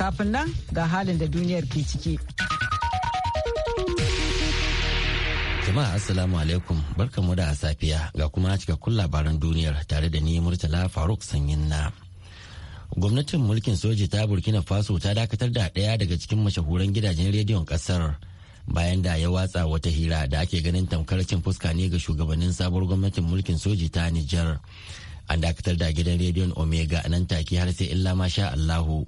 Kafin nan ga halin da duniyar ke ciki. Jama'a Assalamu alaikum mu da safiya ga kuma cikakkun labaran duniyar tare da ni Murtala Faruk Sanyin na. Gwamnatin mulkin soji ta Burkina Faso ta dakatar da ɗaya daga cikin mashahuran gidajen rediyon ƙasar. bayan da ya watsa wata hira da ake ganin tamkar cin fuska ne ga shugabannin sabuwar gwamnatin mulkin soji ta Nijar. An dakatar da gidan rediyon Omega nan take har sai illa masha Allahu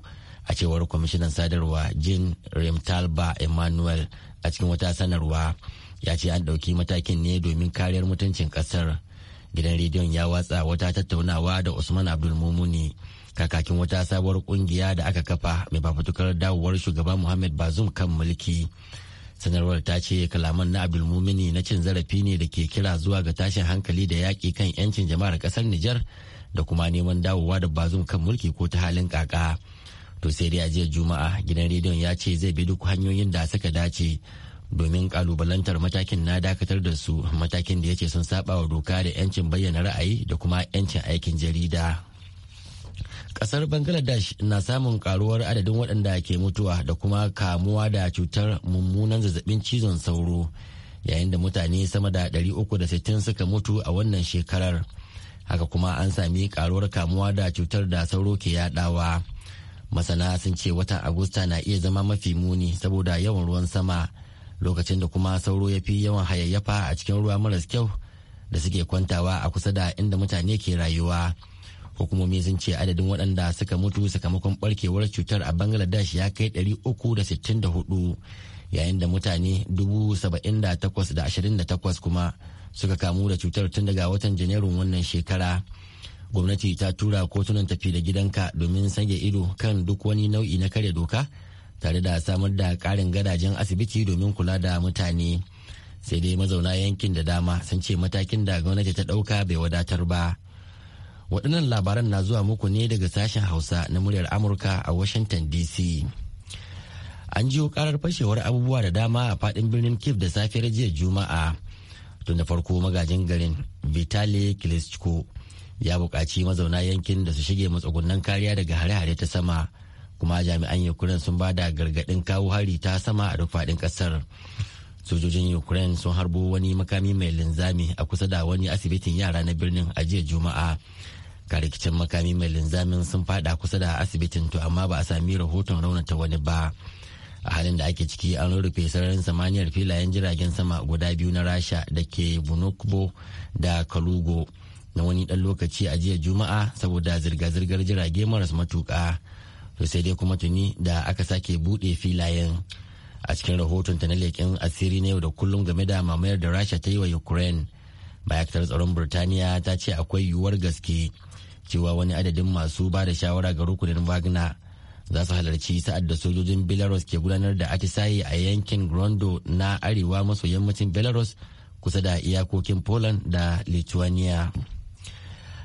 a cewar kwamishinan sadarwa jin remtalba emmanuel a cikin wata sanarwa ya ce an ɗauki matakin ne domin kariyar mutuncin ƙasar gidan rediyon ya watsa wata tattaunawa da usman abdulmumuni kakakin wata sabuwar kungiya da aka kafa mai fafutukar dawowar shugaba muhammad bazum kan mulki sanarwar ta ce kalaman na abdulmumini na cin zarafi ne da ke kira zuwa ga tashin hankali da yaƙi kan 'yancin jama'ar ƙasar nijar da kuma neman dawowa da bazum kan mulki ko ta halin ƙaƙa. to sai dai a jiya juma'a gidan rediyon ya ce zai bi duk hanyoyin da suka dace domin kalubalantar matakin na dakatar da su matakin da ya ce sun saba wa doka da 'yancin bayyana ra'ayi da kuma 'yancin aikin jarida kasar bangladesh na samun karuwar adadin waɗanda ke mutuwa da kuma kamuwa da cutar mummunan zazzabin cizon sauro yayin da mutane sama da 360 suka mutu a wannan shekarar haka kuma an sami karuwar kamuwa da cutar da sauro ke yadawa masana sun ce watan agusta na iya zama mafi muni saboda yawan ruwan sama lokacin da kuma sauro ya fi yawan hayayyafa a cikin ruwa maras kyau da suke kwantawa a kusa da inda mutane ke rayuwa hukumomi sun ce adadin waɗanda suka mutu sakamakon barkewar cutar a bangladesh ya kai 364 yayin da mutane 7,828 kuma suka kamu da cutar tun daga watan janairun wannan shekara. gwamnati ta tura kotunan tafi da gidanka domin sanya ido kan duk wani nau'i na kare doka tare da samar da ƙarin gadajen asibiti domin kula da mutane sai dai mazauna yankin da dama sun ce matakin da gwamnati ta ɗauka bai wadatar ba waɗannan labaran na zuwa muku ne daga sashen hausa na muryar amurka a washington dc an jiyo karar fashewar abubuwa da dama a faɗin birnin kif da safiyar jiya juma'a tun da farko magajin garin vitali klitschko ya buƙaci mazauna yankin da su shige matsugunan kariya daga hare-hare ta sama kuma jami'an ukraine sun ba da gargaɗin kawo hari ta sama a duk faɗin ƙasar sojojin ukraine sun harbo wani makami mai linzami a kusa da wani asibitin yara na birnin a jiya juma'a karikicin makami mai linzamin sun fada kusa da asibitin to amma ba a sami rahoton raunata wani ba a halin da ake ciki an rufe sararin samaniyar filayen jiragen sama guda biyu na rasha da ke bunukbo da kalugo na wani dan lokaci a jiya juma'a saboda zirga-zirgar jirage maras matuka to sai dai kuma tuni da aka sake buɗe filayen a cikin rahoton ta na leƙen asiri na yau da kullum game da mamayar da rasha ta yi wa ukraine ma'aikatar tsaron burtaniya ta ce akwai yiwuwar gaske cewa wani adadin masu ba da shawara ga rukunin wagner za su halarci sa'ad da sojojin belarus ke gudanar da atisaye a yankin grondo na arewa maso yammacin belarus kusa da iyakokin poland da lithuania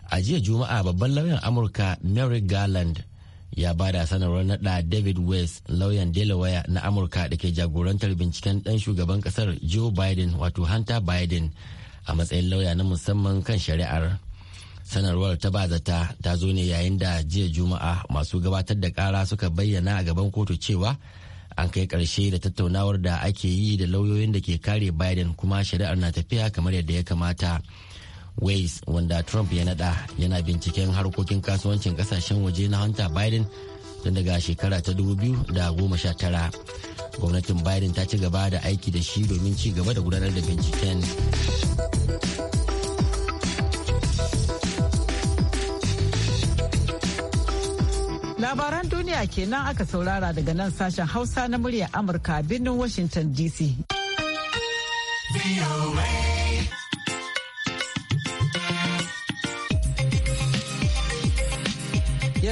a jiya juma'a babban lauyan amurka merrick garland ya ba da sanarwar nada david west lauyan delaware na amurka da ke jagorantar binciken dan shugaban kasar joe biden wato hunter biden a matsayin lauya na musamman kan shari'ar sanarwar ta bazata ta zo ne yayin da jiya juma'a masu gabatar da kara suka bayyana a gaban kotu cewa an kai karshe da tattaunawar da ake yi da lauyoyin da ke kare biden kuma shari'ar na tafiya kamar yadda ya kamata. Ways wanda Trump ya nada yana binciken harkokin kasuwancin kasashen waje na Hunter Biden tun daga shekara ta 2019. Gwamnatin Biden ta ci gaba da aiki da shi domin ci gaba da gudanar da binciken. Labaran duniya kenan aka saurara daga nan sashen Hausa na murya Amurka birnin Washington DC.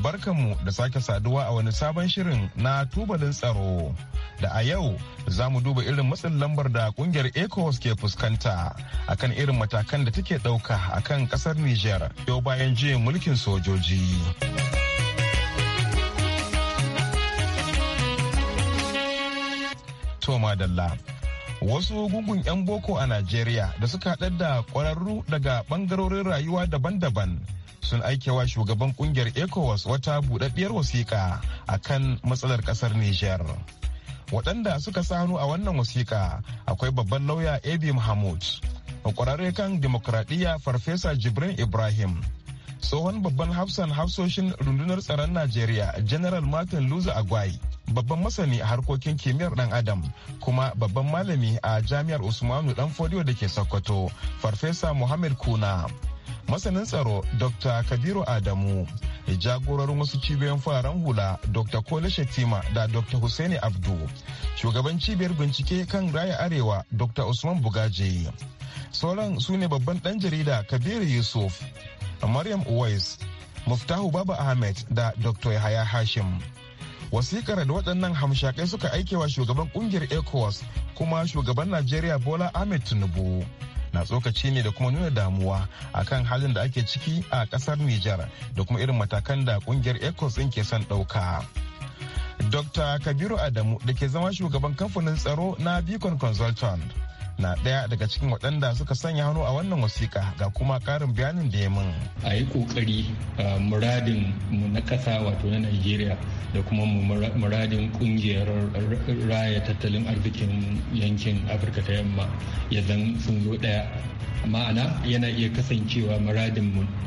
barkanmu da sake saduwa a wani sabon shirin na tubalin tsaro da a yau za mu duba irin matsin lambar da kungiyar ecowas ke fuskanta akan irin matakan da take dauka akan kasar niger yau bayan jiya mulkin sojoji Toma wasu gungun 'yan boko a Najeriya da suka haɗar da ƙwararru daga ɓangarorin rayuwa daban-daban sun aikewa shugaban kungiyar ecowas wata budaddiyar wasiƙa a kan matsalar ƙasar niger waɗanda suka sa hannu a wannan wasiƙa akwai babban lauya abi mahmud kwararre kan demokradiyya farfesa jibrin ibrahim tsohon babban hafsan hafsoshin rundunar tsaron najeriya general martin luza agwai babban masani a harkokin kimiyyar dan adam kuma babban malami a jami'ar usmanu dan fodiyo da ke sokoto farfesa muhammad kuna masanin tsaro dr kabiru adamu jagororin wasu cibiyar fararen hula dr kole shetima da dr husaini abdu shugaban cibiyar bincike kan raya arewa dr usman bugaje sauran su ne babban dan jarida kabiru yusuf maryam uwais muftahu baba ahmed da dr yahaya hashim wasikar da waɗannan hamshakai suka aikewa shugaban kungiyar ecowas kuma shugaban najeriya bola ahmed tinubu na tsokaci ne da kuma nuna damuwa a kan halin da ake ciki a kasar Nijar da kuma irin matakan da kungiyar ECOS ɗin ke son ɗauka. Dr. Kabiru Adamu da ke zama shugaban kamfanin tsaro na Beacon Consultant. na ɗaya daga cikin waɗanda suka sanya hannu a wannan wasiƙa ga kuma ƙarin bayanin da ya min. A yi ƙoƙari muradin mu na ƙasa wato na Najeriya da kuma muradin ƙungiyar raya tattalin arzikin yankin Afirka ta yamma ya zan sun zo ɗaya ma'ana yana iya kasancewa mu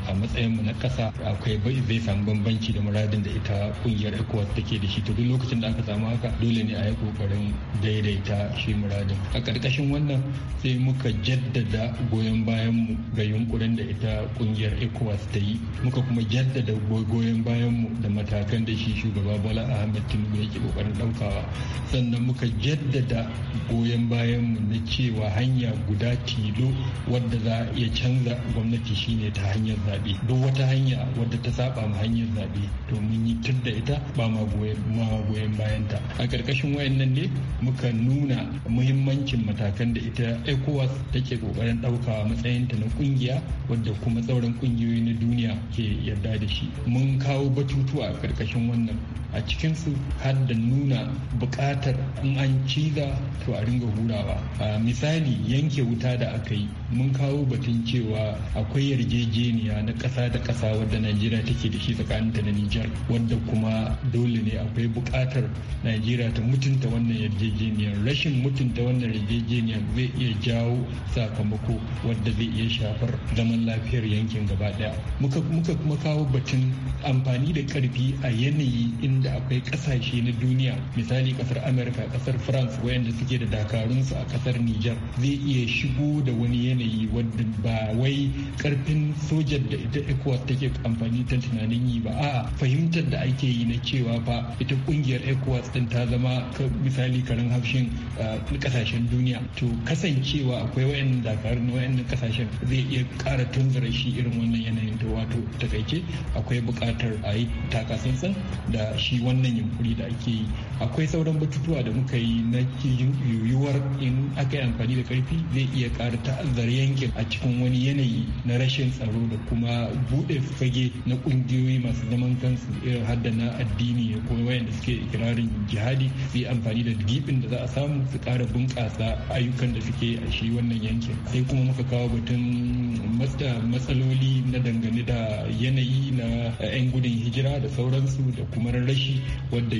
a matsayin mu na kasa akwai bai zai samu bambanci da muradin da ita kungiyar ecowas take da shi to duk lokacin da aka samu haka dole ne a yi kokarin daidaita shi muradin a ƙarƙashin wannan sai muka jaddada goyon bayanmu ga yunkurin da ita kungiyar ecowas ta yi muka kuma jaddada goyon bayanmu da matakan da shi shugaba bola ahmed tinubu yake kokarin ɗaukawa sannan muka jaddada goyon bayanmu na cewa hanya guda tilo wadda wadda za iya canza gwamnati shine ta hanyar zaɓe duk wata hanya wadda ta saba ma hanyar zaɓe to mun yi tur da ita ba ma goyon bayan ta a ƙarƙashin wayannan ne muka nuna muhimmancin matakan da ita ECOWAS take ƙoƙarin ɗaukawa matsayinta na ƙungiya wadda kuma sauran ƙungiyoyi na duniya ke yarda da shi mun kawo batutuwa a ƙarƙashin wannan a cikinsu har da nuna buƙatar in an ciza to a ringa hurawa misali yanke wuta da aka yi mun kawo batun cewa akwai yarjejeniya na ƙasa da ƙasa wadda najeriya take da shi tsakanin ta da nijar wadda kuma dole ne akwai buƙatar najeriya ta mutunta wannan yarjejeniyar rashin mutunta wannan yarjejeniyar zai iya jawo sakamako wadda zai iya shafar zaman lafiyar yankin gaba ɗaya muka kuma kawo batun amfani da ƙarfi a yanayi inda akwai ƙasashe na duniya misali ƙasar amurka ƙasar france wayanda suke da dakarunsu a ƙasar nijar zai iya shigo da wani yanayi wadda ba wai karfin sojan da ita ecowas take amfani ta tunanin yi ba a fahimtar da ake yi na cewa fa ita kungiyar ecowas din ta zama misali karin hafshin kasashen duniya to kasancewa akwai wayannan dakarun wayan kasashen zai iya kara tunzura shi irin wannan yanayin to wato takaice akwai bukatar a yi takasansan da shi wannan yunkuri da ake yi akwai sauran batutuwa da muka yi na yiwuwar in aka yi amfani da karfi zai iya kara ta'azzar yanki yankin a cikin wani yanayi na rashin tsaro da kuma buɗe fage na ƙungiyoyi masu zaman kansu irin hadda na addini ko wayanda suke ikirarin jihadi su yi amfani da gibin da za a samu su ƙara bunƙasa ayyukan da suke a shi wannan yankin sai kuma muka kawo batun matsaloli na dangane da yanayi na 'yan gudun hijira da sauransu da kuma rashi wadda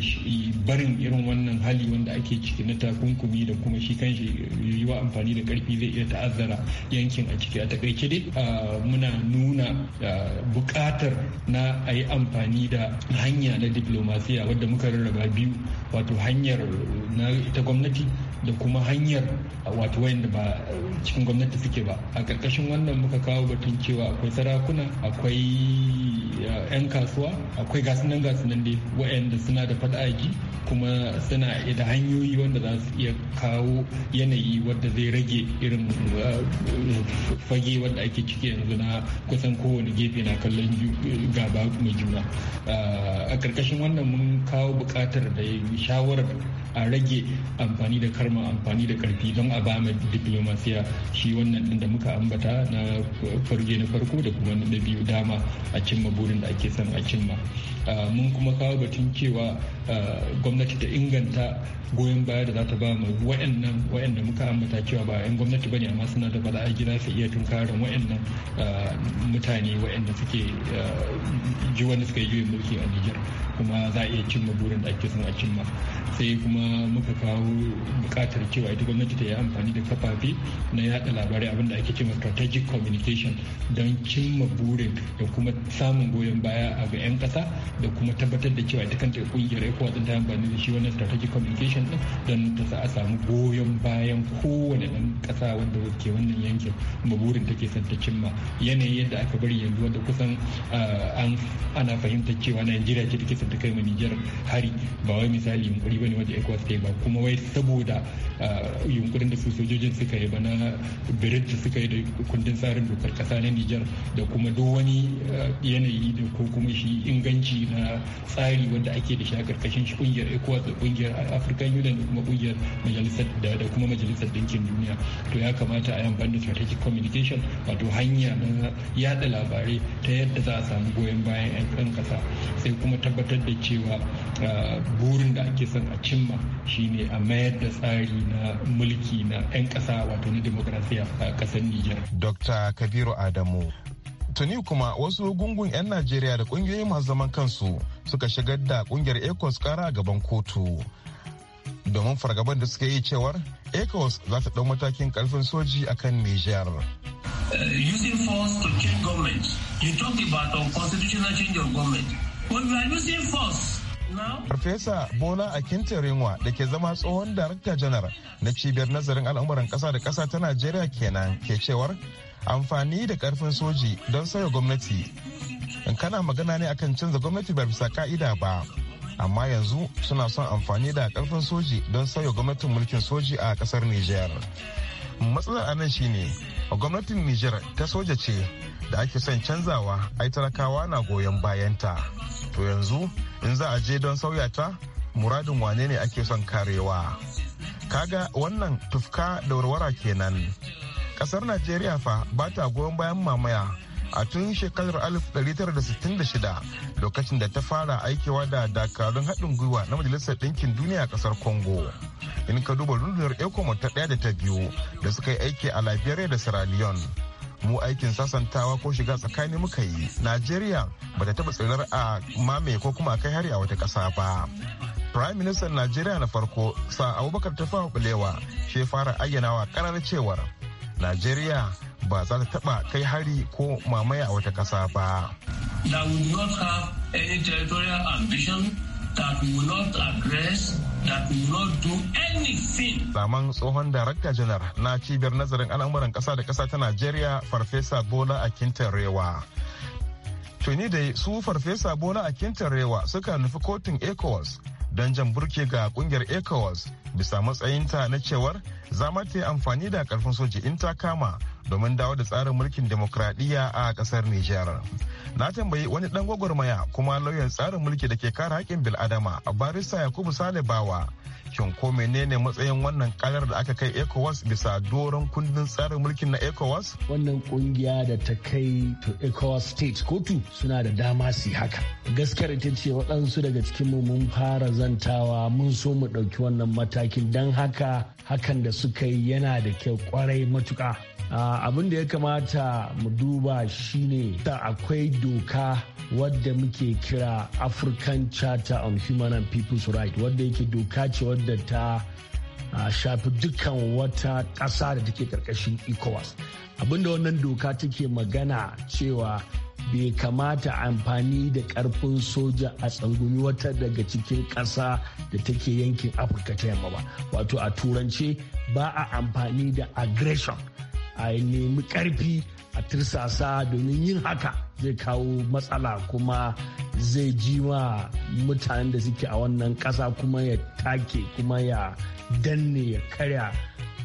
barin irin wannan hali wanda ake ciki na takunkumi da kuma shi kan yiwa amfani da karfi zai iya ta'azzara yankin a ciki a takaice dai muna nuna bukatar na a yi amfani da hanya na diplomasiya wadda muka rarraba biyu wato hanyar na ita gwamnati da kuma hanyar wato wayanda ba cikin gwamnati suke ba a ƙarƙashin wannan muka ka kawo batun cewa akwai sarakuna akwai yan kasuwa akwai gasunan gasunan dai wa'anda suna da fada'aji kuma suna da hanyoyi wanda za su iya kawo yanayi wadda zai rage irin uh, fage wadda ake ciki yanzu na kusan kowane gefe na kallon gaba mai juna uh, a ƙarƙashin wannan mun kawo buƙatar da shawarar a rage amfani da karma amfani da karfi don a bama diplomasiya shi wannan da muka ambata na farge na farko da kuma na biyu dama a cimma burin da ake son a cimma mun kuma kawo batun cewa gwamnati ta inganta goyon baya da za ta ba mu wa'annan wa'anda muka ambata cewa ba 'yan gwamnati bane amma suna da bala'a gida su iya tunkarin wa'annan mutane wa'anda suke ji wani suka yi juyin mulki a Nijar kuma za a iya cimma burin da ake son a cimma sai kuma muka kawo bukatar cewa ita gwamnati ta yi amfani da kafafe na yada labarai abinda ake cewa strategic communication don cimma burin da kuma samun goyon baya a ga 'yan kasa da kuma tabbatar da cewa ita kanta kungiyar ecowas ta amfani da shi wannan strategic communication din don ta sa a samu goyon bayan kowane ɗan ƙasa wanda ke wannan yankin kuma burin take son ta cimma yanayin yadda aka bari yanzu wanda kusan ah, ana fahimtar cewa najeriya ce take son ta kai ma nijar hari ba wai misali yunkuri bane wanda ecowas ta yi ba kuma wai saboda ah, yunkurin da su sojojin suka yi ba na birinta suka yi da kundin tsarin dokar kasa na nijar da kuma duk wani ah, yanayi da ko kuma shi inganci na tsari wanda ake da shi a karkashin shi kungiyar ecowas da kungiyar african union da kuma kungiyar majalisar da kuma majalisar dinkin duniya to ya kamata a yi amfani da strategic communication wato hanya na yada labarai ta yadda za a samu goyon bayan 'yan kan kasa sai kuma tabbatar da cewa ah, burin da ake son a cimma shine a mayar da tsari na mulki na 'yan kasa wato na demokrasiya a kasar Nijar. Dr. Kabiru Adamu tuni kuma wasu gungun 'yan najeriya da kungiyoyi masu zaman kansu suka shigar da kungiyar ecos kara a gaban kotu domin fargaban da suka yi cewar ecos za ta ɗau matakin karfin soji akan niger Farfesa Bola Akinta Renwa da ke zama tsohon darakta janar na cibiyar nazarin al'amuran ƙasa da ƙasa ta Najeriya kenan ke cewar amfani da karfin soji don sauya gwamnati in kana magana ne akan canza gwamnati ba bisa ka'ida ba amma yanzu suna son amfani da karfin soji don sauya gwamnatin mulkin soji a kasar niger matsalar anan shine gwamnatin niger ta soja ce da ake son canzawa ai talakawa na goyon bayanta to yanzu in za a je don sauya ta muradin wane ne ake son karewa kaga wannan tufka da warwara kenan kasar najeriya fa ba ta goyon bayan mamaya a tun shekarar 1966 lokacin da ta fara aikewa da dakarun haɗin gwiwa na majalisar ɗinkin duniya a ƙasar congo in ka duba rundunar ecomo ta ɗaya da ta biyu da suka yi aiki a liberia da sierra leone mu aikin sasantawa ko shiga tsakani muka yi najeriya ba ta taɓa tsirar a mame ko kuma kai hari a wata ƙasa ba prime minister najeriya na farko sa abubakar tafawa bulewa shi fara ayyana wa ƙarar cewar Najeriya ba za ta taba kai hari ko mamaya a wata ƙasa ba. That will not have any territorial ambition that will not address Zaman tsohon darakta janar na cibiyar nazarin al'amuran ƙasa da ƙasa ta Najeriya Farfesa Bola Akintan Rewa. Tuni dai su Farfesa Bola Akintan Rewa suka nufi kotun ECOWAS don jan burke ga kungiyar ECOWAS bisa matsayinta na cewar za ta yi amfani da karfin soji in ta kama domin dawo da tsarin mulkin demokradiyya a kasar Nijar. Na tambayi wani dan gwagwarmaya kuma lauyan tsarin mulki da ke kare haƙƙin bil'adama a barista Yakubu Sale Bawa. Shin ko menene matsayin wannan kalar da aka kai ECOWAS bisa doron kundin tsarin mulkin na ECOWAS? Wannan kungiya da ta kai to ECOWAS state kotu suna da dama su haka. Gaskiyar ita ce waɗansu daga cikin mun fara zantawa mun so mu ɗauki wannan mataki Lakin don haka hakan da suka yi yana da kyau kwarai matuka abin da ya kamata mu duba shine ta akwai doka wadda muke kira african charter on human and people's right wadda yake doka ce wadda ta shafi dukkan wata ƙasa da take karkashin ecowas abinda wannan doka take magana cewa bai kamata amfani da karfin soja a tsangumi wata daga cikin ƙasa da take yankin afirka ta yamma ba wato a turance ba a amfani da aggression a nemi karfi a tirsasa domin yin haka zai kawo matsala kuma zai ji ma mutanen da suke a wannan ƙasa kuma ya take kuma ya danne ya karya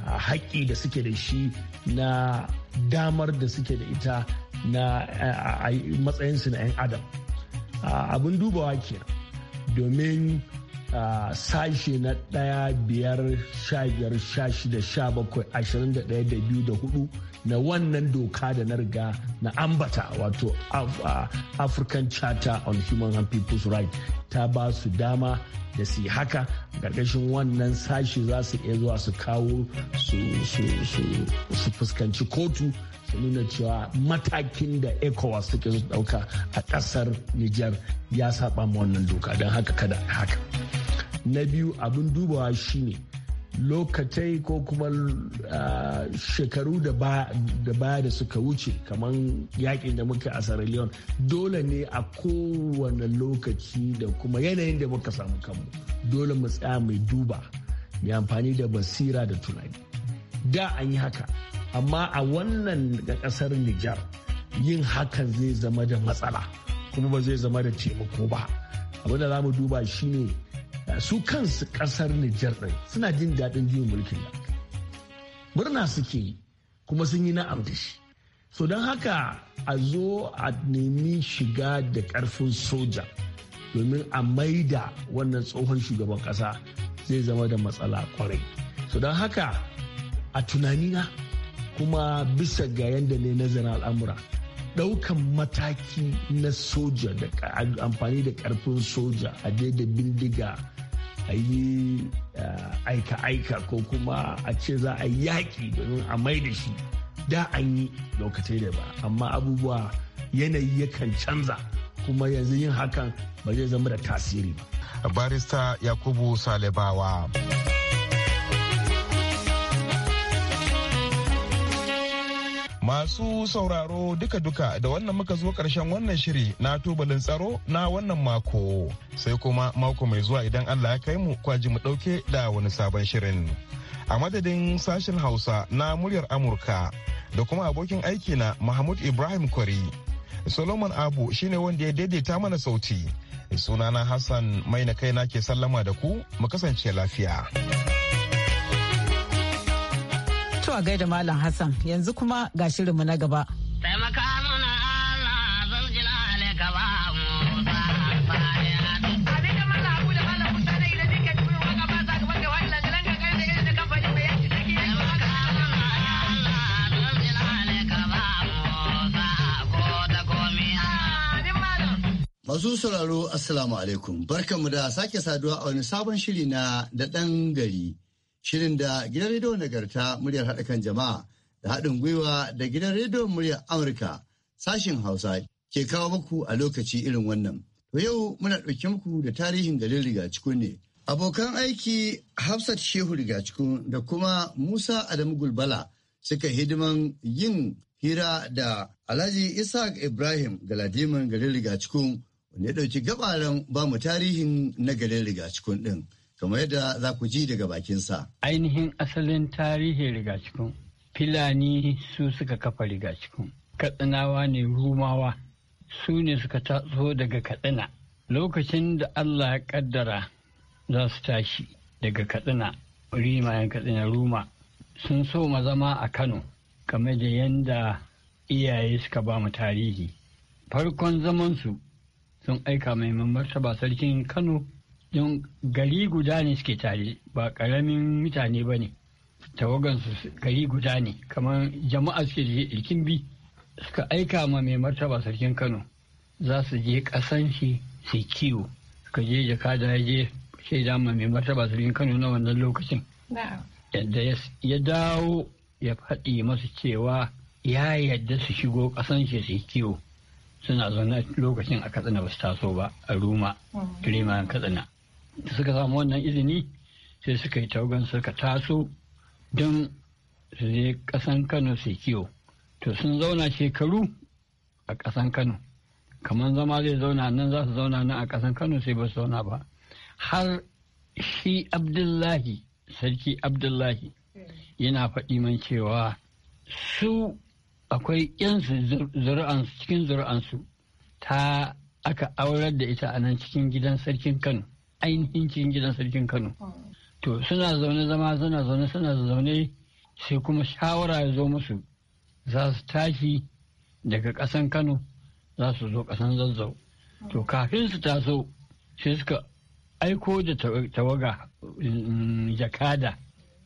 haƙƙi da suke da shi na damar da suke da ita na eh, matsayinsu na 'yan adam abin dubawa ke domin sashe na ɗaya biyar sha biyar sha shida sha bakwai ashirin da ɗaya da biyu da hudu na wannan doka da na riga na ambata wato african charter on human and people's rights ta ba su dama da su haka gargashin wannan sashe za su iya zuwa su kawo su fuskanci kotu nuna cewa matakin da ecowas take su dauka a kasar nijar ya saba ma wannan doka don haka kada haka na biyu abin dubawa shine lokatai ko kuma ah, shekaru da baya da suka wuce kamar yakin da muka a Sierra Leone dole ne a kowane lokaci da kuma yanayin da muka samu kanmu dole mu tsaya mai duba mai amfani da basira da tunani da an yi haka amma a wannan kasar Nijar yin hakan zai zama da matsala kuma ba zai zama da taimako ba abin da za mu duba shine eh, su kansu kasar Nijar ɗin suna jin daɗin juyin mulkin da murna suke yi kuma sun yi na'am da shi so don haka a zo a nemi shiga da ƙarfin soja domin a maida wannan tsohon shugaban ƙasa zai zama da matsala kwarai so don haka a tunanina kuma bisa ga yadda ne nazarin al'amura daukan mataki na soja da amfani da karfin soja a daidai bindiga a yi aika-aika ko kuma a ce za a yaƙi domin a mai da shi da an yi lokacin da ba amma abubuwa yanayi yakan canza kuma yanzu yin hakan ba zai zama da tasiri ba barista yakubu salibawa. Masu sauraro duka-duka da wannan muka zo karshen wannan shiri na tubalin tsaro na wannan mako. Sai kuma mako mai zuwa idan Allah ya kai mu kwaji mu dauke da wani sabon shirin. A madadin sashen Hausa na muryar Amurka da kuma abokin aiki na Mahmud Ibrahim Kwari. Solomon Abu shine wanda ya daidaita mana sauti. Sunana Hassan mai na kai na ke sallama da ku mu kasance lafiya. a gaida Malam Hassan yanzu kuma ga shirinmu na gaba. Allah Masu sauraro Assalamu alaikum, barkanmu da sake saduwa a wani sabon shiri na da ɗan gari Shirin da gidan rediyon nagarta muryar haɗa kan jama'a da haɗin gwiwa da gidan rediyon muryar Amurka sashin Hausa ke kawo muku a lokaci irin wannan. To yau muna ɗauke muku da tarihin garin Rigacikun ne. Abokan aiki Hafsat Shehu Rigacikun da kuma Musa Adamu Gulbala suka hidiman yin hira da Alhaji Isaac Ibrahim Galadiman garin Rigacikun wanda ya ɗauki gabaran bamu tarihin na garin Rigacikun ɗin. kamar yadda za ku ji daga bakinsa. Ainihin asalin tarihin rigacikun Filani su suka kafa rigacikun. Katsinawa ne Rumawa su ne suka taso daga Katsina. Lokacin da Allah ya kaddara za su tashi daga Katsina, Rimayen Katsina Ruma sun so ma zama a Kano game da yadda iyaye suka ba mu tarihi. Farkon zamansu sun aika mai martaba sarkin Kano don gari guda ne suke tare ba karamin mutane ba ne tawagansu gari guda ne kamar jama'a suke da bi suka aika ma mai martaba sarkin kano za su je kasan shi su kiwo suka je jaka da je shaida ma mai martaba sarkin kano na wannan lokacin yadda ya dawo ya faɗi masu cewa ya yadda su shigo kasan shi su kiwo suna zaune lokacin a katsina ba su taso ba a ruma mm. rima katsina da suka samu wannan izini sai suka yi taugan suka taso don su je ƙasan kano su kiwo to sun zauna shekaru a ƙasan kano kamar zama zai zauna nan za su zauna nan a ƙasan kano sai ba su zauna ba har shi abdullahi sarki abdullahi yana faɗi man cewa su akwai yansu cikin zuri'ansu ta aka aurar da ita a nan cikin gidan sarkin kano ainihin cikin gidan sarkin kano to suna zaune zama suna zaune suna zaune sai kuma shawara ya zo musu za su tashi daga ƙasan kano za su zo ƙasan zazzau to kafin su taso sai suka aiko da tawaga mm, jakada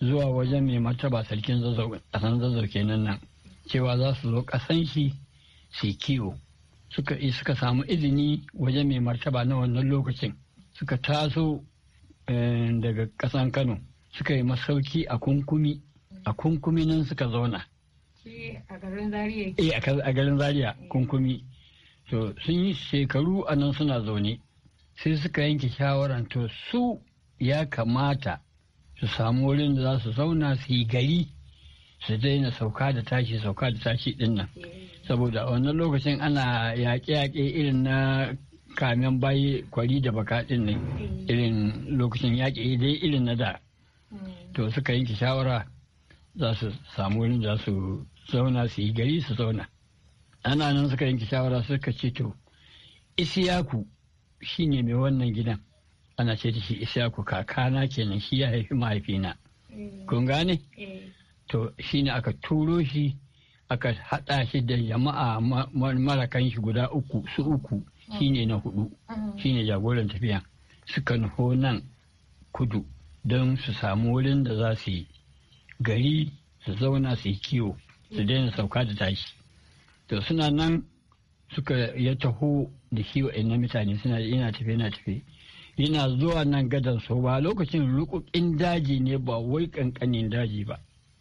zuwa wajen mai martaba sarkin zazzau ƙasan zazzau kenan nan cewa za su zo ƙasan shi su kiwo suka suka samu izini wajen mai martaba na wannan lokacin suka taso eh, daga ƙasan kano suka yi masauki a kunkumi a kunkumi nan suka zauna a garin Zariya eh, eh. kunkumi to sun yi shekaru a nan suna zaune sai suka yanke shawaran to su ya kamata su samu wurin da za su zauna su yi gari su daina sauka da tashi sauka da tashi din saboda a wannan lokacin ana yaƙe-yaƙe irin na kamen bayi kwari da baka din ne mm. irin lokacin yaƙi dai irin na da mm. to suka yanke shawara za su samu wurin za su zauna su yi gari su zauna ana nan suka yanke shawara suka ce to isiyaku shine mai wannan gidan ana ce da shi isiyaku kakana kenan shi ya haifi mahaifina mm. kun gane eh. to shi ne aka turo shi aka haɗa shi da jama'a marakan shi guda uku su uku shi ne na hudu mm. ne jagoran tafiya suka nufo nan kudu don su samu wurin da za su yi gari su zauna su yi kiwo su daina sauka da tashi to suna nan suka ya taho da kiwo na mutane suna yana tafe yana tafe yana zuwa nan gadon so ba lokacin rukukin daji ne ba wai kankanin daji ba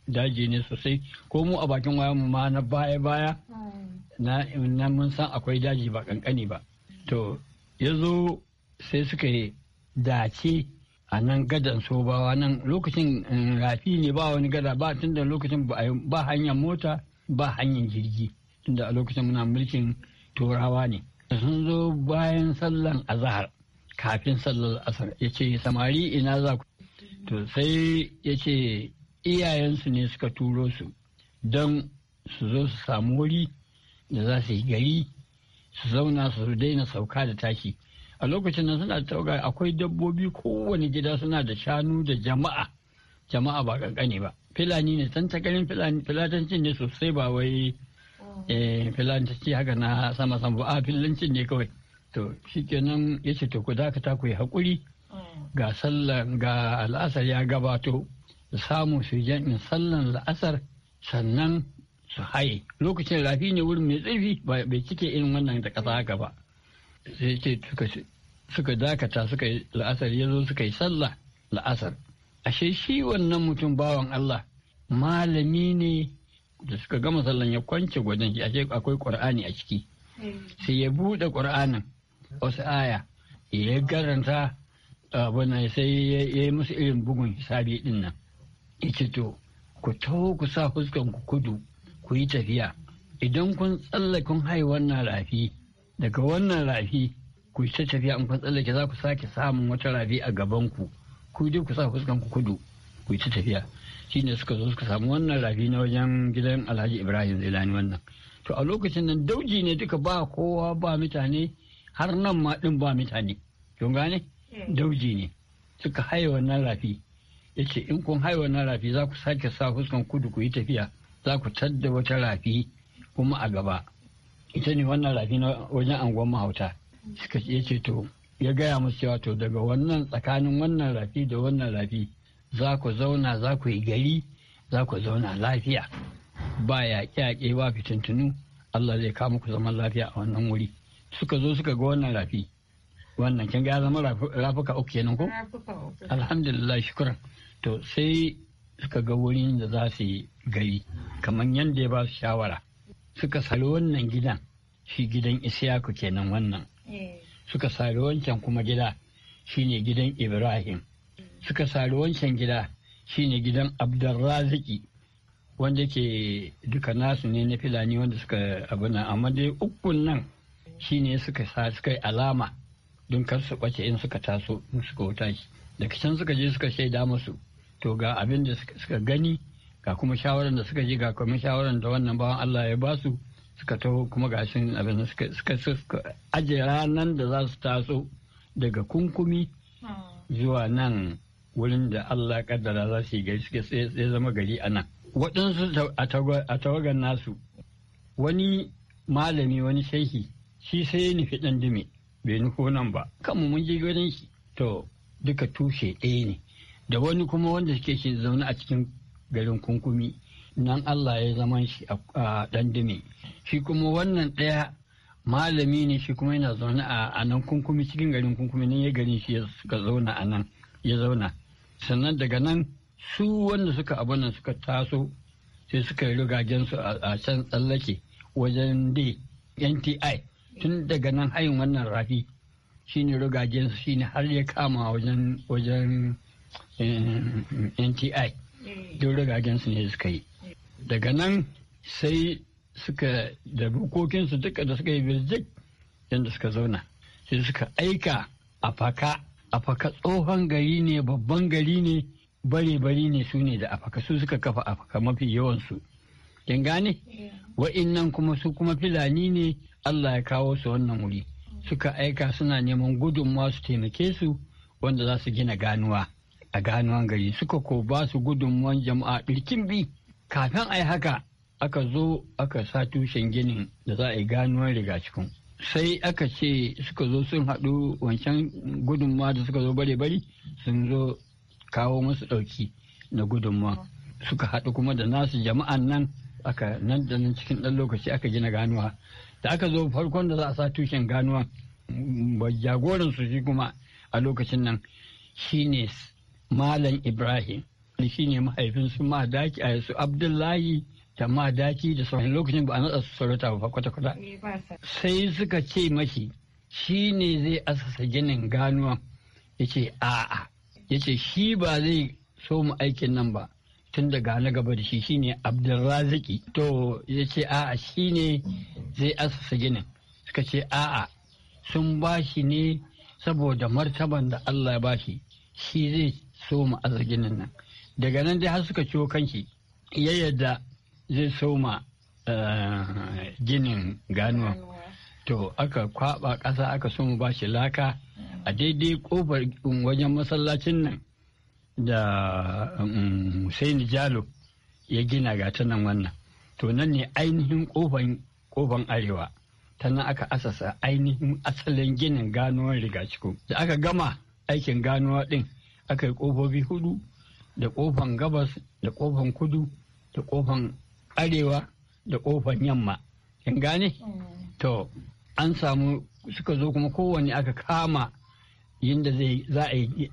daji ne sosai ko mu a bakin wayan ma na baya baya mm. na mun san akwai daji ba kankani ba to ya zo sai suka yi dace a nan gadan ba nan lokacin eh, rafi ne ba wani gada ba tun da lokacin ba hanyar mota ba hanyar jirgi da a lokacin muna mulkin turawa ne sun zo bayan sallan azahar kafin sallar asar ya ce samari ina za ku to sai ya ce iyayensu ne suka turo su don su zo su samu wuri da za su yi gari su zauna su daina sauka da tashi a lokacin nan suna tauga akwai dabbobi kowane gida suna da shanu da jama'a jama'a ba kankane ba filani ne san ta garin filatancin ne sosai ba wai oh. eh, filatanci haka na sama sama a filancin ne kawai to shikenan ya ce to ku dakata ku yi hakuri oh. ga sallan ga al'asar ya gabato samu su in sallan la'asar sannan su haye lokacin rafi ne wurin mai tsarfi bai cike irin wannan da ƙasa haka ba sai ce suka dakata suka yi la'asar ya zo suka yi sallah la'asar ashe shi wannan mutum bawan Allah malami ne da suka gama sallan ya kwance gwajin shi ashe akwai ƙur'ani a ciki sai ya buɗe qur'anin wasu aya ya garanta abin sai ya yi musu irin bugun hisabi din nan ya ce to ku taho ku sa fuskan ku kudu ku yi tafiya idan kun tsallakun hai wannan rafi daga wannan rafi ku yi ta tafiya in kun tsallake za ku sake samun wata rafi a gaban ku ku ku sa fuskan ku kudu ku yi ta tafiya shine suka zo suka samu wannan rafi na wajen gidan Alhaji Ibrahim Zailani wannan to a lokacin nan dauji ne duka ba kowa ba mutane har nan ma din ba mutane kin gane eh. dauji ne suka haye wannan rafi Yace in kun haye wannan rafi za ku sake sa fuskan kudu ku yi tafiya za ku tadda wata rafi kuma a gaba ita ne wannan rafi na wajen angon mahauta suka ya ce to ya gaya musu cewa to daga wannan tsakanin wannan rafi da wannan rafi za ku zauna za ku yi gari za ku zauna lafiya ba ya yaƙe ba fitintunu Allah zai kawo muku zaman lafiya a wannan wuri suka zo suka ga wannan rafi wannan kin ga ya zama rafuka uku kenan ko alhamdulillah shukran to sai suka ga wurin da za su gari kamar yadda ya ba su shawara suka sari wannan gidan shi gidan isiyaku kenan wannan eh. suka sari wancan kuma gida shine gidan ibrahim suka sari wancan gida shine gidan abdulraziki wanda ke duka nasu ne na filani wanda suka abuna amma dai ukun nan shine suka sa suka yi alama don kar su ɓace in suka taso suka wuta shi daga can suka je suka shaida musu to ga abin da suka gani ga kuma shawarar da suka ji ga kuma shawarar da wannan bawan Allah ya ba su suka taho kuma ga shi abin da suka suka aje ranar da za su taso daga kunkumi zuwa nan wurin da Allah kaddara za su yi gari suke tsaye zama gari a nan waɗansu a tawagar nasu wani malami wani shehi shi sai ya nufi ɗan dume bai nufo nan ba kanmu mun je gidan shi to duka tushe ɗaya ne da wani kuma wanda suke shi zaune a cikin garin kunkumi nan Allah ya zama shi a ɗandume shi kuma wannan ɗaya malami ne shi kuma yana zaune a nan kunkumi cikin garin kunkumi nan ya garin shi suka zauna a nan ya zauna sannan daga nan su wanda suka abunan suka taso sai suka yi rugajensu a can tsallake wajen dai nti tun daga nan hayin wannan rafi shine rugajensu shine har ya kama wajen wajen nti eh. duk ragagensu ne suka yi eh. daga nan sai suka da bukokinsu duka da suka yi birjik yadda suka zauna sai suka aika a faka a faka tsohon gari ne babban gari ne bare-bari ne su ne da afaka su suka kafa afaka mafi yawansu kin gane eh. wa'innan kuma su kuma filani ne allah ya kawo su wannan wuri mm. suka aika suna neman gudunmawa su taimake su wanda za su gina ganuwa a ganuwan gari suka ko ba su gudunmuwan jama'a ɗirkin bi kafin a yi haka aka zo aka sa tushen ginin da za a yi ganuwan riga cikin sai aka ce suka zo sun haɗu wancan gudunmuwa da suka zo bare-bari sun zo kawo masu ɗauki na gudunmuwa suka haɗu kuma da nasu jama'an nan aka nan da nan cikin ɗan lokaci aka gina ganuwa da aka zo farkon da za a sa tushen ganuwa jagoran su shi kuma a lokacin nan shine Malam Ibrahim. Shi ne mahaifin su madaki a su Abdullahi da madaki da sauran lokacin ba a nasa su sarauta ba kwata-kwata. Eh, Sai suka ce mashi shi ne zai asasa ginin ganuwa ya ce a'a ya ce shi ba zai so mu aikin nan ba tun daga na gaba da shi shine Abdulraziki to ya ce a'a shi ne zai asasa ginin suka ce a'a sun ba shi ne saboda martaban da Allah ya shi shi zai soma azaginin nan daga nan dai har suka ciwo kanki ya yadda zai soma eh, ginin ganuwa to aka kwaba ƙasa aka soma ba shi laka a daidai kofar um, wajen masallacin nan da um, husaini Jalo ya gina ga ta nan wannan to nan ne ainihin kofan arewa ta nan aka asasa ainihin asalin ginin ganuwar rigaciko da aka gama aikin ganuwa din aka yi ƙofofi hudu da ƙofan gabas da ƙofan kudu da ƙofan arewa da ƙofan yamma kin gane to an samu suka zo kuma kowanne aka kama yadda za a yi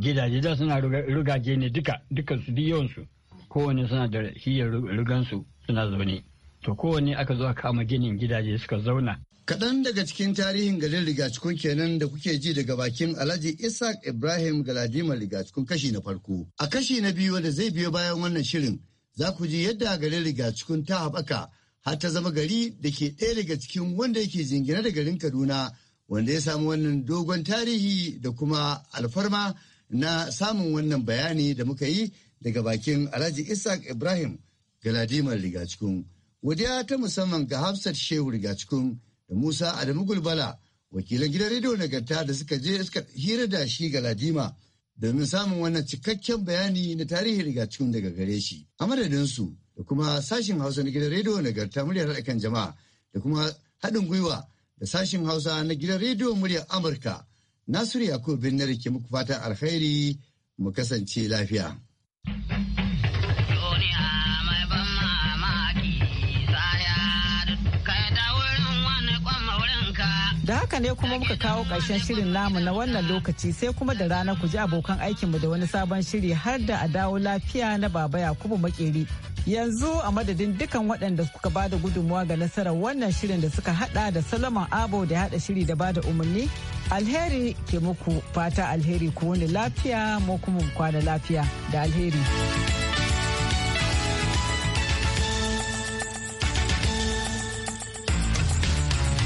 gidaje da suna rugaje ne duka duka su yawansu kowanne suna da shiyar rugansu suna zaune to kowanne aka zo kama ginin gidaje suka zauna Kaɗan daga cikin tarihin garin rigacikun kenan da kuke ji daga bakin Alhaji Isaac Ibrahim Galadima rigacikun kashi na farko. A kashi na biyu wanda zai biyo bayan wannan shirin za ku ji yadda garin rigacikun ta haɓaka har ta zama gari da ke ɗaya daga cikin wanda yake jingina da garin Kaduna wanda ya samu wannan dogon tarihi da kuma alfarma na samun wannan bayani da muka yi daga bakin Alhaji Isaac Ibrahim Galadima rigacikun. Wadiya ta musamman ga Hafsat Shehu rigacikun. da Musa Adamu Gulbala wakilan gidan rediyo nagarta da suka je suka hira da shi ga Ladima domin samun wannan cikakken bayani na tarihi riga daga gare shi. A madadinsu da kuma sashin Hausa na gidan rediyo nagarta muryar haɗakan jama'a da kuma haɗin gwiwa da sashin Hausa na gidan rediyo muryar Amurka. Nasiru Yakubu Binnari ke muku fatan alkhairi mu kasance lafiya. Da haka ne kuma muka kawo ƙarshen shirin namu na wannan lokaci sai kuma da rana ku ji abokan aikinmu da wani sabon shiri har da a dawo lafiya na baba Yakubu Makeri. Yanzu a madadin dukan waɗanda suka ba da gudunmuwa ga nasarar wannan shirin da suka hada da Solomon Abo da hada shiri da ba da umarni. Alheri ke muku fata alheri ku wani lafiya mu kuma kwana lafiya da alheri.